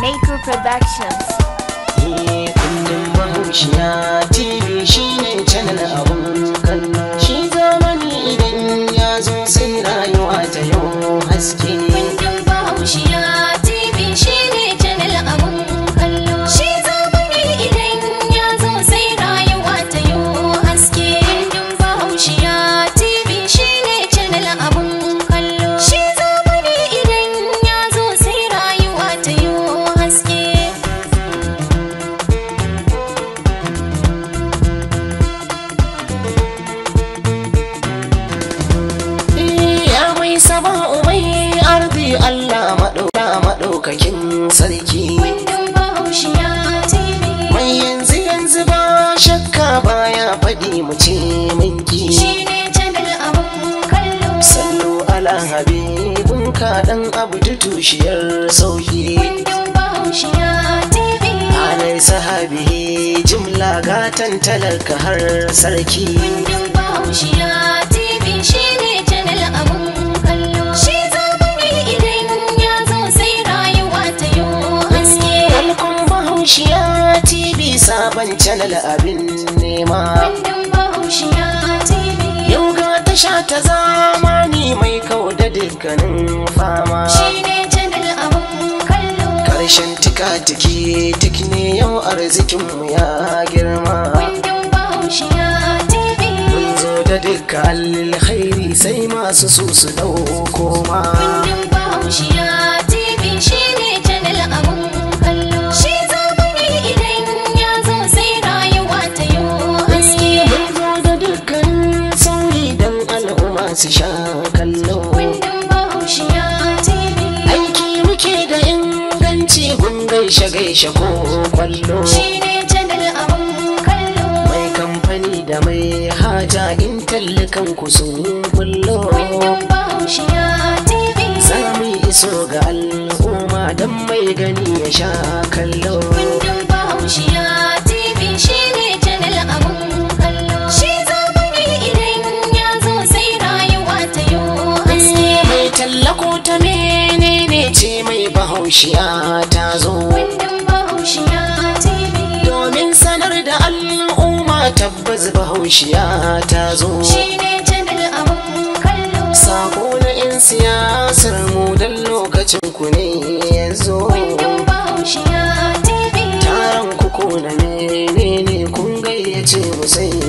Maker Productions. Eh, Kundin Bahaushiya TV shine channel abun kan shi Allah maɗaukakin sarki. Mai yanzu yanzu ba shakka baya faɗi mu ce minki. Sallu ala habibin ka ɗan abu tushiyar sauki. Alai sahabi jimla gatan talaka har sarki. bahaushiya tv sabon canal abin nema yau ga tasha ta zamani mai kau da dukkanin fama karshen tika tiki tik ne yau arzikinmu ya girma mun zo da dukkan alkhairi sai masu su su dauko ma su sha kallo aiki muke da inganci gun gaishe gaishe ko kwallo mai kamfani da mai haja in tallukan ku sun kullo sami iso ga al'umma don mai gani ya sha kallo tallako ta menene ce mai bahaushiya ta zo domin sanar da al'umma tabbas bahaushiya ta zo sako na 'yan siyasar mu don lokacin ku ne yanzu taron kuku na menene kun gayyace mu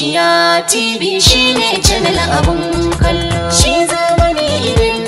Shiya TV shine channel abun kallo. Shi zamani irin